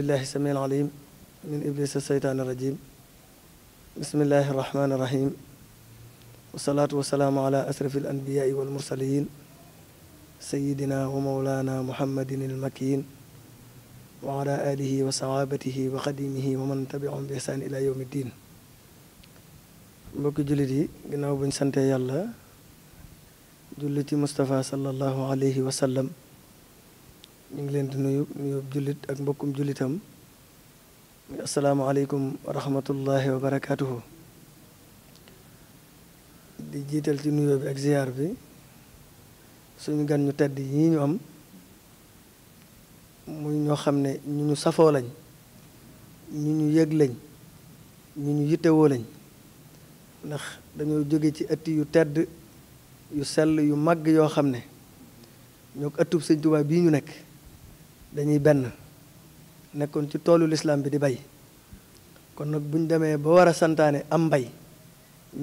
billahi samil alim min iblis seytaani rajim bismillahi irrahmani irrahim wasalaatu wasalaamu ala asrafi al anbiyaai walmursaliin sayidina wa mawlaana muhammadin almakiin wa ala alihi wa saxaabatihi wa xadimihi wa man tabiahum bi ihsaan ila yowmi ddin mbokki jullit yi ginnaaw buñ sante yàlla julli ci Mustapha sallallahu alayhi wa sallam ñu ngi leen di nuyu nuyu jullit ak mbokkum jullitam asalaamaaleykum wa rahmatullahi wa di jiital ci nuyoo bi ak ziar bi suñu gan ñu tedd yi ñu am muy ñoo xam ne ñu ñu safoo lañ ñu ñu yëg lañ ñu ñu yittewoo lañ ndax dañoo jóge ci ëtt yu tedd yu sell yu màgg yoo xam ne ñoo ko ëttub sëñ Tuubaa bii ñu nekk dañuy benn nekkoon ci toolu lislaam bi di bay kon nag buñ demee ba war a santaane am mbay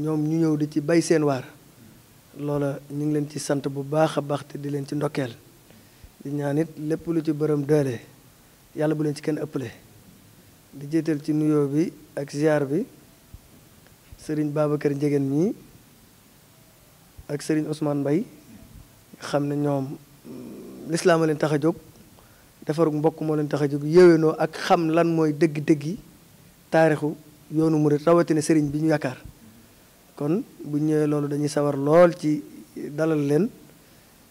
ñoom ñu ñëw di ci bay seen waar loola ñu ngi leen ci sant bu baax a baax te di leen ci ndokkeel di ñaan it lépp lu ci bërëm dële yàlla bu leen ci kenn ëppale di jiital ci nuyoo bi ak ziar bi sëriñ Babacar Njegéen ñi ak sëriñ Ousmane Mbay xam ne ñoom lislaamaleen leen a jóg defarug mbokk moo leen tax a jóg yéwénoo ak xam lan mooy dëgg-dëgg yi taarixu yoonu murit rawatina sëriñ bi ñu yaakaar kon bu ñëwee loolu dañuy sawar lool ci dalal leen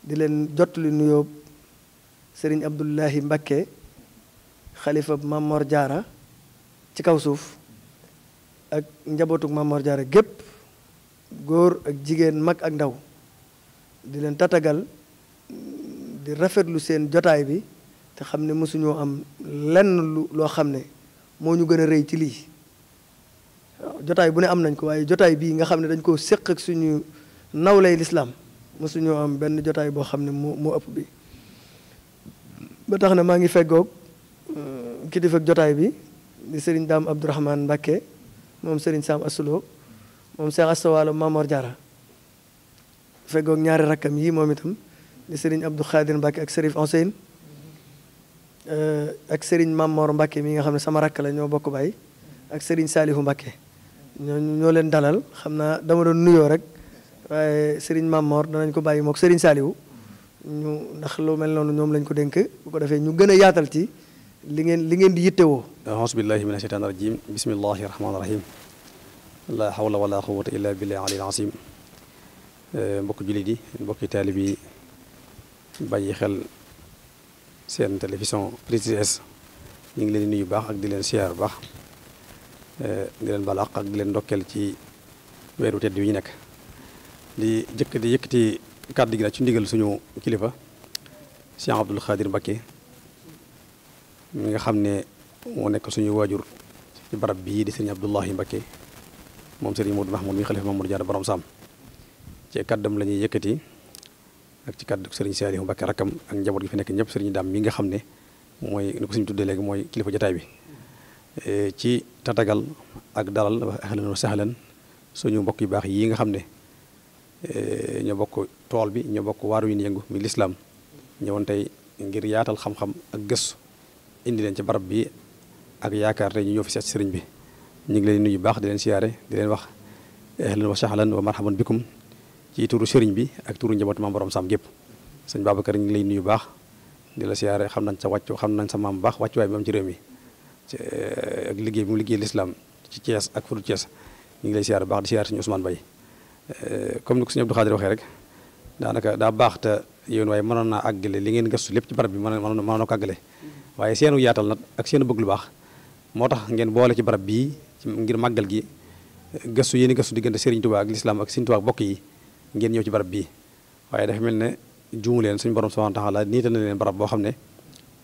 di leen jot li sëriñ Abdoulahi Mbakke xalifa Mamor Jaara ci kaw suuf ak njabootuk Mamor Jaara gépp góor ak jigéen mag ak ndaw di leen tatagal di rafetlu seen jotaay bi te xam ne mosuñoo am lenn loo xam ne moo ñu gën a rëy ci lii waaw jotaay bu ne am nañ ko waaye jotaay bii nga xam ne dañ koo séq ak suñu nawlay lislaam mosuñoo am benn jotaay boo xam ne moo moo ëpp bi ba tax na maa ngi feggoog euh, kilifa jotaay bi di sëriñ daam abdourahman mbakke moom sëriñ saam asuloo moom seex astawaalo mamor jaara feggoog ñaari rakkam yi moom itam di sëriñ abdou xaadir mbakke ak sërif onseyne Euh, ak Serigne Mamor Mbacke mi nga xam ne sama rakk la ñoo bokk baay ak Serigne Salihu Mbacke ñoo ñoo leen dalal xam naa dama doon nuyoo rek waaye Serigne Mamor danañ ko bàyyi mook sëriñ Salihu ñu ndax loo mel noonu ñoom lañ ko dénk bu ko defee ñu gën a yaatal ci li ngeen li ngeen di a yittewoo. auzu billahi mina shaytaani rajim bismillahi rahmaani rahim la hawla wala quwwata illa billahi aliyil azim eh, mbokk jullit di mbokki taalib yi bàyyi xel. seen télévision Prestige ñu ngi leen di nuyu baax ak di leen siyaar baax eh, di leen balaax ak di leen ndokkeel ci weeru tedd wi ñu nekk di jëkk di yëkkati kàddu gi nag ci ndigal suñu kilifa Cheikh Abdoul Khadir Mbacké mi nga xam ne moo nekk suñu waajur ci barab bii di sëriñ Abdoulahi Mbacké moom sëriñ Modou Mahmoud mi xalifa Mamour Diarra borom Sam ci kàddam la ñuy yëkkati ak ci kàddu sëriñ Saliou Mbacké rakkam ak njaboot gi fi nekk ñëpp sëriñ Daam mi nga xam ne mooy ni ko suñu tuddee léegi mooy kilifa jotaay bi e, ci tatagal ak dalal ahlan wa sahlan suñu mbokk yu baax yi nga xam ne e, ñoo bokk tool bi ñoo bokk waar wi yëngu mi lislaam ñëwoon tey ngir yaatal xam ak gëstu indi leen ci barab bi ak yaakaar tey ñu ñëw fi sëriñ bi ñu ngi leen nuyu baax di leen siyaare di leen wax ahlan wa sahlan wa marhaban bikum ci turu sëriñ bi ak turu njabootu maam borom saam gépp sëñ Babacar ñu ngi lay nuyu baax di la siyaare xam nañ sa wàccu xam nañ sa maam baax wàccuwaay bi am ci eh, liggéey bi mu liggéey lislaam ci cees ak fudu Thiès ñu ngi lay siyaare baax di siyaare sëñ Ousmane Bay eh, comme ni ko sëñ Abdou Khadir waxee rek daanaka daa baax te yéen waaye mënoon naa àggale li ngeen gëstu lépp ci barab bi ma mënoon mënoon ko àggale waaye seenu yaatal nag ak seenu bëgg lu baax moo tax ngeen boole ci barab bii ngir màggal gi gëstu yéen i gëstu diggante Serigne Touba ak ak Serigne bokk yi ngeen ñëw ci barab bi waaye dafa mel ne juumu leen suñu borom subhanahu wa taala niita na leen barab boo xam ne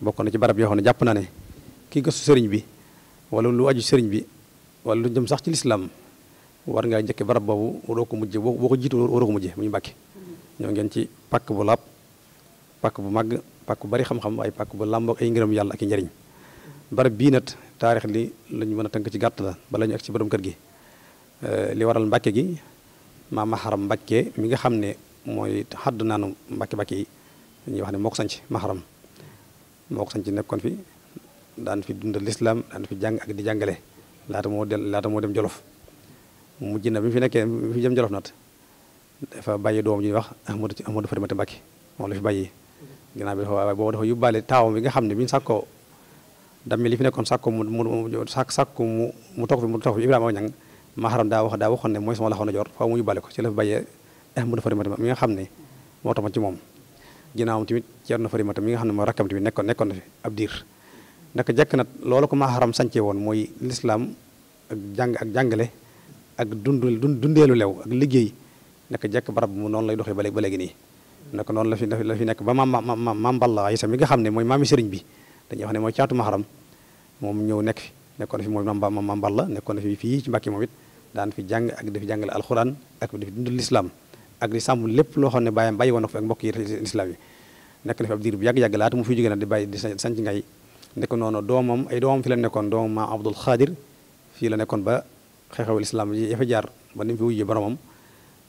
bokk na ci barab yoo xam ne jàpp na ne kii gëstu sëriñ bi wala lu aju sëriñ bi wala lu jëm sax ci lislaam war ngaa njëkke barab boobu waroo ko mujje boo ko jiitu waroo ko mujje mu ñu mbàkke ñoo ngeen ci pàkk bu làpp pàkk bu màgg pàkk bu bari xam-xam waaye pàkk bu làmboog ay ngërëm yàlla ak i njariñ barab bii nag taarix li lañu mën a tënk ci gàtt la bala ñu ci borom kër gi eh, li waral mbàkke gi maam Maharam Mbakke mi nga xam ne mooy xadd naanu Mbakke Mbakke yi ñuy wax ne moo ko sanc Maharam moo ko sanc nekkoon fi daan fi dundal lislaam daan fi ak di jàngale laata moo del laata moo dem Jolof mujj na bi mu fi nekkee fi jëm Jolof nat dafa bàyyi doom ji ñuy wax Ahmadu Ahmadu Fatimata Mbakke moom la fi bàyyi ginnaaw bi dafa boobu dafa yóbbaale taawam bi nga xam ne bi ñu sàkkoo li fi nekkoon sàkko mu mu sàkk sàkk mu mu fi mu toog fi Ibrahima Ñang maxaram daa wax daa waxoon ne mooy sama loxo ndijoor faaw ko ci la fa bàyyee Ahmadou Farimata mi nga xam ne moo tax ma ci moom ginnaawam mi nga xam ne mooy rakkam tamit nekkoon nekkoon na fi ab diir naka jekk nag loolu ko maaxaram sancee woon mooy lislaam ak ak jàngale ak dund dundeelu lew ak liggéey naka jekk barab mu noonu lay doxee ba ba léegi nii naka noonu la fi la fi nekk ba maam maam maam Balla Isa mi nga xam ne mooy maami sëriñ bi dañuy wax ne mooy caatu maaxaram moom ñëw nekk fi nekkoon na fi mooy maam Balla nekkoon na fi fii ci Mbàkke moom it daan fi jàng ak di fi jàngale alxuraan ak di fi dundal lislaam ak di sàmm lépp loo xam ne bàyyam bàyyi woon na ko fi ak mbokk yi lislaam yi nekk na fi ab diir di bàyyi di sanc ngay nekk noonu doomam la nekkoon doomam maam Abdul la nekkoon ba xew-xewu lislaam yi yafa jaar ba ni mu fi wujjee boromam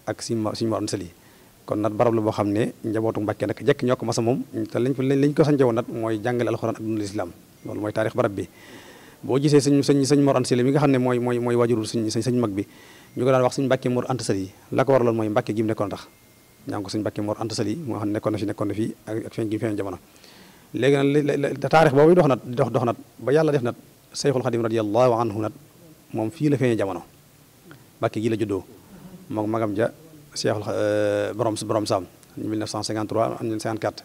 ak suñu ma suñu morom kon nag barab la boo xam ne njabootu Mbàkke nag jekk ñoo ko masa moom te lañ lañ ko sancowoon nag mooy jàngale alxuraan ak dundal lislaam loolu mooy taarix barab bi boo gisee sëñ sëñ sëñ Mor Anta Sali mi ne mooy mooy mooy wajurul sëñ sëñ mag bi ñu ko daan wax sëñ Mbàkke Mor Anta Sali la ko waraloon mooy Mbàkke gi mu ne nekkoon na fi nekkoon na fi dox nat dox dox nat ba yàlla def nat Seyxul Xadim radiyallahu anhu nat moom fii la feeñee jamono Mbàkke gi la juddoo moom magam ja Seyxul euh, borom borom Saam 1953 1954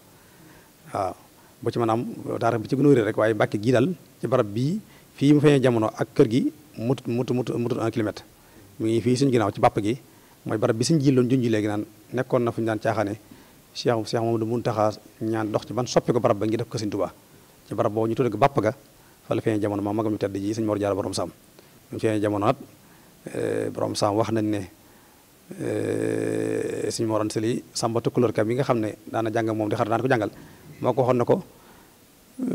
waaw bu ci mën am taarix bi ci gën a rek waaye Mbàkke gi dal ci barab bii fii mu feeñee jamono ak kër gi mutut mutut mutut mutut un kilomètre mu ngi fii suñ ginaaw ci bàpp gi mooy barab bi suñ jilloon junj léegi naan nekkoon na fu ñu daan caaxaane Cheikh Cheikh Mamadou Muntaxa ñaan dox ci ban soppi ko barab ba ngi def ko Sëñ Tuubaa ci barab boo ñu tudde ko bàpp ga fa la feeñee jamono ma magam ñu tedd ji Sëñ Mor Jaara borom saam ñu eh, wax nañ ne eh, Sëñ Mor Anta Sali Samba Tukulóor nga xam ne daana jàng moom di xar ko jàngal moo ko ko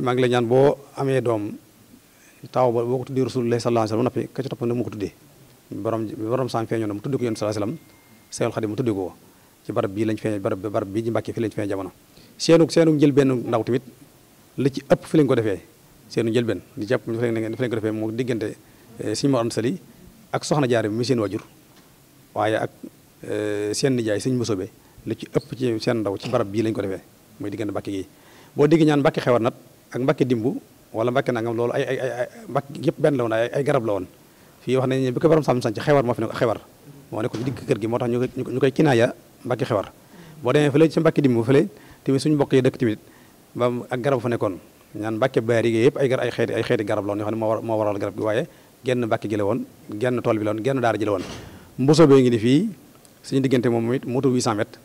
maa ngi la ñaan boo amee doom taaw ba boo ko tuddee rasulullah sallallahu alayhi wasallam noppi ka ci topp na mu ko tuddee borom borom saam feeñoo na mu tuddee ko yonent sallallahu alayhi wasallam Seexul Xadim mu barab bii lañ feeñ barab barab bii ci Mbàkke fi lañ feeñ seenu seenu ndaw tamit li ci ëpp fi lañ ko defee seenu njëlbeen benn di jàpp fi lañ ko defee moo diggante eh, suñu Mor Anta Sali ak soxna jaare bi muy seen wajur waaye ak eh, seen nijaay sëñ Musobe li ci ëpp ci seen ndaw ci barab bii lañ ko defee muy diggante Mbàkke gi boo dégg ñaan Mbàkke xewar nat ak Mbàkke dimbu wala Mbàkke nangam loolu ay ay ay Mbàkke yëpp benn garab la woon fii wax nañ ne bi ko borom sàmm sañ ci xewar moo fi ne xewar moo ne ko ci digg kër gi ñu koy kinaaya Mbàkke xewar boo demee fële ci Mbàkke dimb fële tamit suñu yi dëkk tamit ba ak garab fa nekkoon ñaan Mbàkke baar yi yëpp ay gar ay xeeti ay xeeti garab la woon yoo xam ne moo waral garab gi waaye genn Mbàkke gi la woon genn tool bi la woon genn daara ji la woon mboso bee ngi ni fii suñu diggante moom moo it moto 800 mètres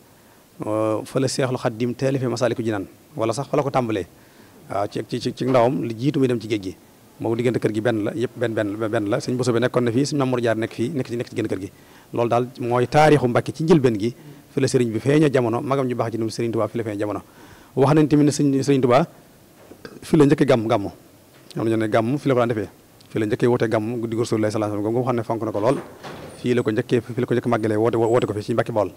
euh, fa la Seexul Xaddim teelifee Masaalikul Jinaan wala sax fa la ko tàmbalee waaw ci ci ci ndawam li jiitu muy dem ci géej gi moom diggante kër gi benn la yëpp benn benn benn la sëñ boso bi nekkoon na fii sëñ Mamour Jaar nekk fii nekk ci la sëriñ bi feeña jamono magam ñu baax ci nu sëriñ Tuubaa fi xam ne fonk na ko lool fii la ko njëkk màggalee woote woote ko fi ci Mbàkke Bawol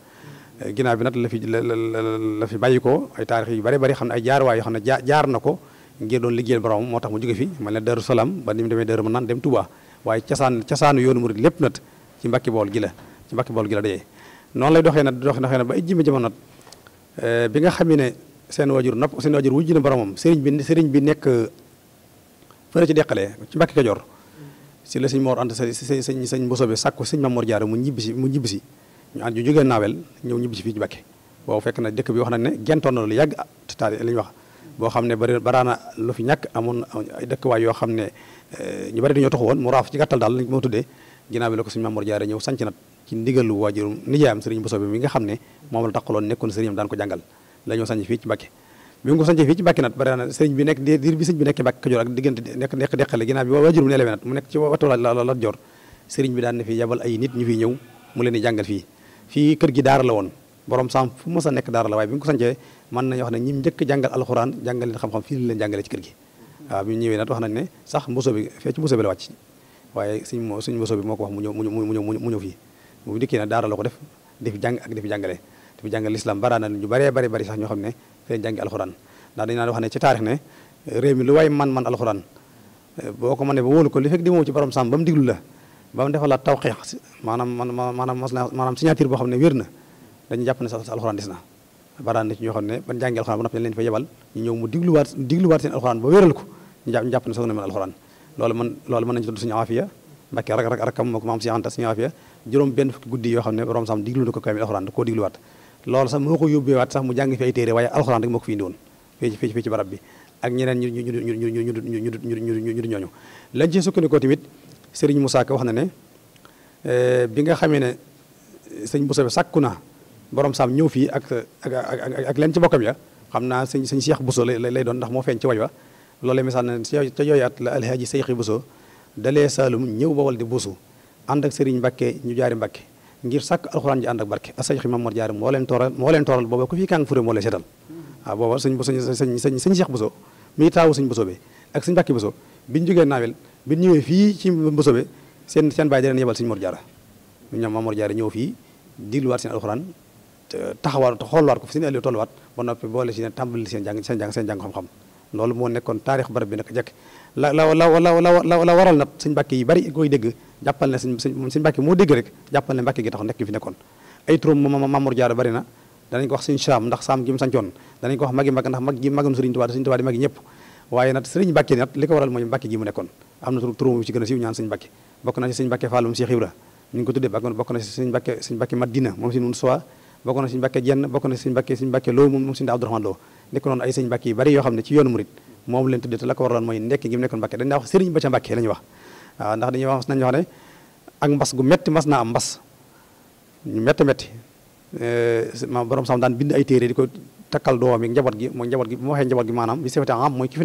ginnaaw bi nag la fi la fi bàyyi ko ay taarix yu bari bari xam ne ay jaarwaay yoo xam ne jaa jaar na ko ngir doon liggéeyal borom moo tax mu jóge fi mel ne Daaru Salaam ba ni mu demee Daaru Manaan dem Touba waaye casaan casaanu yoonu murid lépp nag ci Mbàkke gi la ci Mbàkke Bool gi la noonu lay doxee nag doxee doxee nag ba ay jimi jamono eh, bi nga xam ne seen wajur nopp seen wajur wujj na boromam sëriñ bi sëriñ bi nekk fële ci deqalee ci Mbàkke Kajoor mm. si la sëñ Mor Anta Sali sëñ sëñ Mboso bi sàkku sëñ Mamoor Jaara mu ñibbisi mu ñibbisi ñu ànd ñu jógee naawel ñëw ñibbi si fii ñu Mbàkke boobu fekk na dëkk bi wax na ne gentoon na lu yàgg te taal li ñu wax boo xam ne bari baraana lu fi ñàkk amoon yoo xam ne eh, ñu bari dañoo taxu woon mu raaf ci gàttal daal lañ ko moo tuddee ginnaaw bi la ko suñu Maam ñëw sanc nat ci ndigalu waajurum mi nga xam ne moom la taqaloon nekkoon sëriñam daan ko jàngal la ñoo sanc fii nat na sëriñ bi nekk diir nekk Mbàkke Kajoor ak diggante nekk nekk deqale ginnaaw bi waajurum ne elewe nat mu nekk ci watu la Lat Joor sëriñ bi daan ne fi yabal ay nit ñu fi ñëw mu leen di jàngal fii fii kër gi daara la woon borom saam fu mës a nekk daara la waaye bi mu ko sancee mën nañu wax ne ñi njëkk jàngal alxuraan jàngal leen xam-xam fii leen jàngalee ci kër gi waaw bi wax nañ ne sax mboso bi fee ci mboso bi la wàcc waaye suñ suñ bi moo ko wax mu ñëw mu ñëw mu ñëw fii bu la ko def difi jàng ak difi jàngale difi jàngale lislam bara ñu baree bari bari sax ñoo xam ne fee jàngi alxuraan na dañu naan wax ne ci taarix ne réew mi lu waay man man alxuraan boo ko mënee ba wóolu ko li fekk di moom ci borom saam ba mu la ba mu defalaat tawxeex maanaam maanaam mos na maanaam signature boo xam ne wér na dañu jàpp ne sa alxuraan des na baraan na ci ñoo xam ne ba noppi alxuraan ba wéral ko ñu jàpp ñu jàpp ne soog na mën alxuraan loolu mën loolu mën nañu tudd suñu aafiya mbakke rak rak rakkam moo ko maam si anta suñu aafiya juróom benn fukki guddi yoo xam ne borom sam diglu na ko kaamil alxuraan koo digluwaat loolu sax moo ko yóbbeewaat sax mu jàng fi ay téere waaye alxuraan rek moo ko fi indi woon fii fii fii ci barab bi ak ñeneen ñu ñu ñu ñu ñu ñu ñu ñu ñu ñu ñu Serigne Moussa ko wax na ne eh, bi nga xamee ne sëñ Moussa bi sàkku na borom saam ñëw fii ak ak ak ak leen ci bokkam ya xam naa sëñ sëñ Cheikh lay doon ndax moo feeñ ci waj wa loolu misaal na ca yooyu at la alhaaji Cheikh Bousso dalee Saalum ñëw ba wal di buusu ànd ak Serigne Mbakke ñu jaari Mbakke ngir sàkk alxuraan ji ànd ak barke a Cheikh Mamadou Jaari moo leen tooral moo leen tooral booba ku fi kàng fure moo lay seetal waaw ah, booba sëñ Bousso sëñ sëñ Cheikh muy taawu sëñ Bousso bi ak sëñ Mbakke Bousso biñu jógee naawel bi ñëwee fii ci Mbosobe seen seen bàyyi da leen yebal sëñ Mor Diarra ñu ñoom Mor Diarra ñëw fii digluwaat seen alxuraan taxawaat xooluwaat ko fi seen Aliou tolluwaat ba noppi boole si ne tàmbali seen jàng seen jàng seen jàng xam-xam loolu moo nekkoon taarix barab bi naka jekk la la la la la waral nag suñ mbàkke yi bari koy dégg jàppal ne suñ suñ mbàkke moo dégg rek jàppal ne mbàkke gi tax nekk fi nekkoon ay turam Mamour Diarra bari na danañ ko wax suñ saam ndax saam gi mu sancoon danañ ko wax magi mag ndax mag gi magam sëriñ Tuubaa sëriñ Tuubaa di magi ñëpp waaye nag sëriñ mbàkke nag li ko waral mooy mbàkke gi mu nekkoon am na tur turam ci gën a siiw ñaan sëñ Mbàkke bokk na ci sëñ Mbàkke Fallum Cheikh Ibra ñu ko tuddee bokk na ci sëñ Mbàkke moom si nun soi bokk na ci sëñ Mbàkke bokk na ci sëñ Mbàkke moom moom sëñ Abdourahmane Lo nekk noonu ay sëñ Mbàkke bari yoo xam ne ci yoonu murit moom leen tuddee te la ko waraloon mooy nekk gi mu nekkoon Mbàkke dañ daa ba ca Mbàkke ma borom sam daan bind ay téere di ko takkal njaboot gi mooy njaboot njaboot gi maanaam mooy ki fi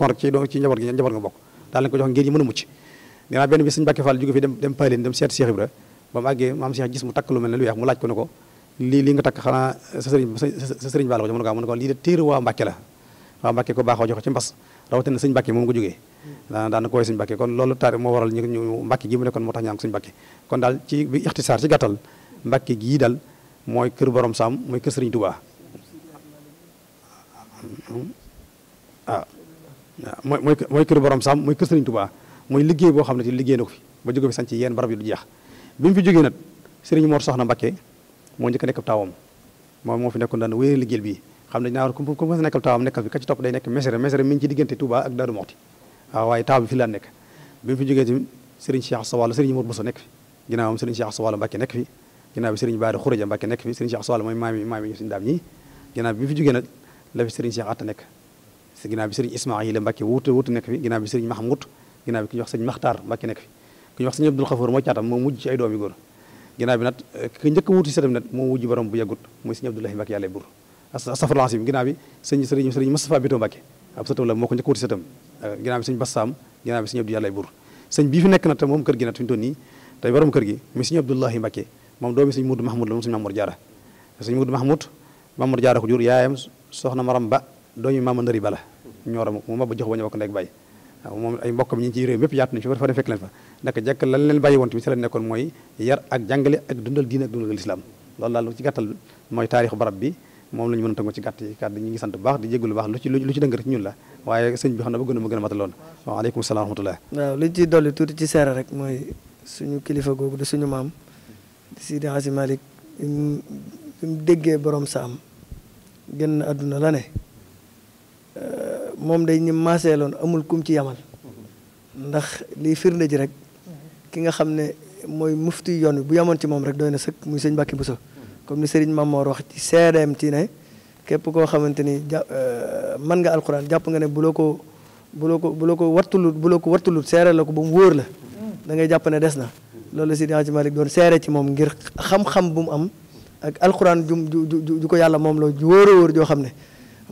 ku daal lañ ko jox ngir ñu mën a mucc nee naa benn bi sëñ Mbàkke Fall jóge fi dem Paalin dem seet Cheikh Ibra ba mu àggee maam Cheikh gis mu takk lu mel laaj ko ne ko lii lii nga takk xanaa sa sëriñ sa sëriñ Balla ko jox mu ne ko mu ne ko lii kon loolu taari moo waral ñu Mbàkke gi mu nekkoon moo tax ñu ko sëñ Mbàkke kon daal ci bi ci gàttal Mbàkke gii daal mooy kër borom saam mooy kër sëriñ Tuubaa waaw mooy mooy mooy kër borom saam mooy kër Sëriñ Tuubaa mooy liggéey boo xam ne ci liggéey na ko fi ba jóge fi sanc yenn barab yu du jeex bi fi jógee nag Sëriñ Mor Soxna Mbakke moo njëkk a nekk fi nekkoon daan wéere liggéey bi xam ne dinaa war comme comme nekkal taawam nekkal fi ka ci topp day nekk mesere mesere mi ngi ci diggante Touba ak Daaru Moxti waaw waaye taaw bi fi laan nekk bi mu fi jógee tamit Sëriñ Cheikh Sawala Sëriñ Mor Bousso nekk fi ginnaawam Sëriñ Cheikh Sawala mooy maami maami ñu suñu daam ñi ginnaaw bi fi jógee nag la fi Sëriñ Cheikh Atta nekk si ginnaaw bi Bito Mbàkke ab sëtam la moo ko njëkk wuti sëtam eh, ginnaaw bi sëñ Bassaam ginnaaw bi sëñ Abdu yàlla buur Jaara sëñ Mudu Mahmoud Mamour Jaara ko yaayam soxna Maram Ba dooñu maama ndëri bala ñooram mu ma ba jox ba ñu bokk ndek bàyyi waaw moom ay mbokkam ñi ci réew mépp yaatu nañu fi fa dem fekk leen fa naka jekk lan leen bàyyi woon tamit si la nekkoon mooy yar ak jàngale ak dundal diine ak dundal islam loolu daal ci gàttal mooy taarixu barab bi moom la ñu mën a tënk ci gàtt yi kàddu ñu ngi sant bu baax di jégalu baax lu ci lu ci dëng rek ñun la waaye sëñ bi xam na ba gën a ma gën a mataloon waaw aleykum salaam rahmatullah waaw li ci dolli tuuti ci seere rek mooy suñu kilifa googu di suñu maam di Sidi Hasi Malick bi mu déggee borom saam génn àdduna la ne moom day ñi maaseeloon amul kum ci yamal ndax liy firnde ji rek ki nga xam ne mooy mufti yoon wi bu yamoon ci moom rek doy na sëkk muy sëñ Mbàkke Buso comme ni Serigne Mamoor wax ci seedeem ne képp koo xamante ni ja euh, mën nga alxuraan jàpp nga ne bu la ko bu ko bu la ko wattulut bu ko wattulut seere la ko ba mu wóor la da ngay jàpp ne des na loolu si Hadji Malick doon seere ci moom ngir xam-xam bu mu am ak alxuraan ju ju ju ko yàlla moom la ju wóor wóor joo xam ne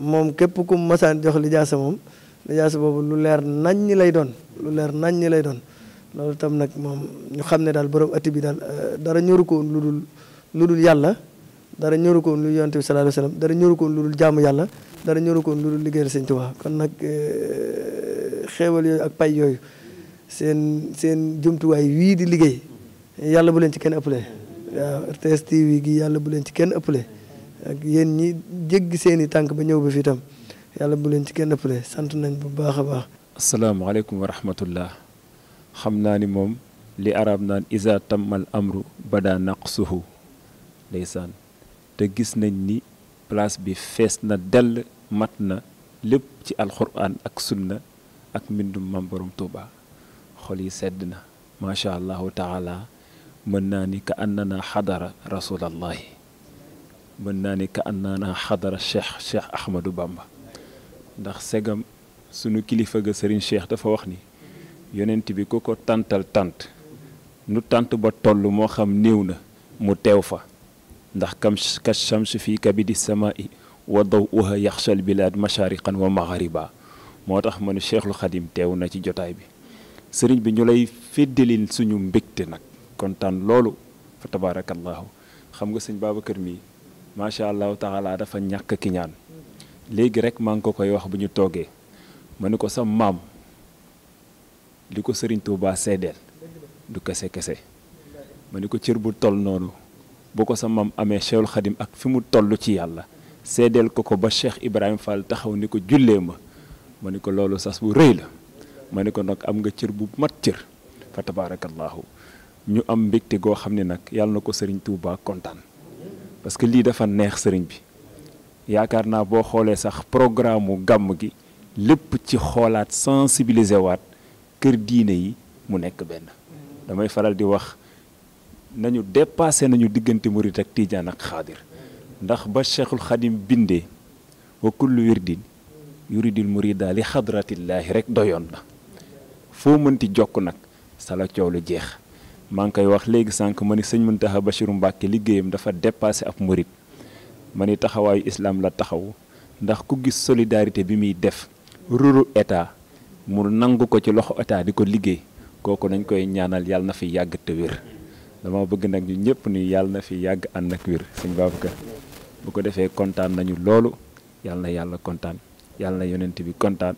moom képp ku masaan jox lijaasa moom lijaasa boobu lu leer naññ lay doon lu leer naññ lay doon loolu tam nag moom ñu xam ne daal borom atti bi daal euh, dara ñoru koon lu dul lu dul yàlla dara ñoru ko woon lu dara ñoru ko lu dul jàmm yàlla dara ñoru ko lu dul liggéeyal Sëñ Tuubaa kon nag euh, xeewal yooyu ak pay yooyu seen seen jumtuwaay wii di liggéey yàlla bu leen ci kenn ëppale waaw RTS TV gi yàlla bu leen ci kenn ëppale ak yéen ñi jéggi seeni tànk ba ñëw ba fii tam yàlla bu leen ci kenn ëppale sant nañ bu baax a baax. asalaamaaleykum wa rahmatullah xam naa ni moom li arab naan isa tammal amru bada naqsuhu ndeysaan te gis nañ ni place bi fees na dell mat na lépp ci alquran ak sunna ak mbindum mam borom Tuuba xol yi sedd na macha allahu taala mën naa ni ka annana xadara rasulallahi mën naa ni ka an naa naa xadara cheikh cheikh Ahmadou Bamba ndax segam sunu kilifa ga sëriñ cheikh dafa wax ni yonent bi ku ko tàntal tànt nu tànt ba toll moo xam néew na mu teew fa ndax kam ka chamsu fii kabidi samaa'i wa daw uha yaxshal bilaad mashariqan wa maghariba moo tax ma ne cheikhul xadim teew na ci jotaay bi sëriñ bi ñu lay feddalil suñu mbégte nag kontaan loolu fa tabaarakallaahu xam nga sëñ kër mii macha allahu taala dafa ñàkk kiñaan léegi rek maa ngi ko koy wax bu ñu toogee ma ne ko sa maam li ko sëriñ tuubaa seedeel du kese kese ma ne ko cër bu toll noonu bu ko sa maam amee Cheikhul Khadim ak fi mu toll ci yàlla seedeel ko ko ba Cheikh Ibrahima Fall taxaw ni ko jullee ma ma ne ko loolu sas bu rëy la ma ne ko nag am nga cër bu mat cër fa tabaarakallaahu ñu am mbégte goo xam ne nag yàlla na ko sëriñ Touba kontaan. parce que lii dafa neex sëriñ bi yaakaar naa boo xoolee sax programme gàmm gi lépp ci xoolaat sensibiliser waat kër diine yi mu nekk benn damay faral di wax nañu dépassé nañu diggante murit ak tijaan ak xaadir ndax ba cheikhul xadim bindee wa kullu wirdin yuridil murida li xadratillaahi rek doyoon na foo mënti jokk nag sala coow lu jeex maa ngi koy wax léegi sànq ma ni sëñ Muntaxa Bachiru Mbàkke liggéeyam dafa dépassé ab murit ma ni taxawaayu islam la taxaw ndax ku gis solidarité bi muy def ruru état mu nangu ko ci loxo état di ko liggéey kooku nañ koy ñaanal yàlla na fi yàgg te wér dama bëgg nag ñu ñëpp ni yàlla na fi yàgg ànd ak wér sañ Babacar bu ko defee kontaan nañu loolu yàlla na yàlla kontaan yàlla na yonent bi kontaan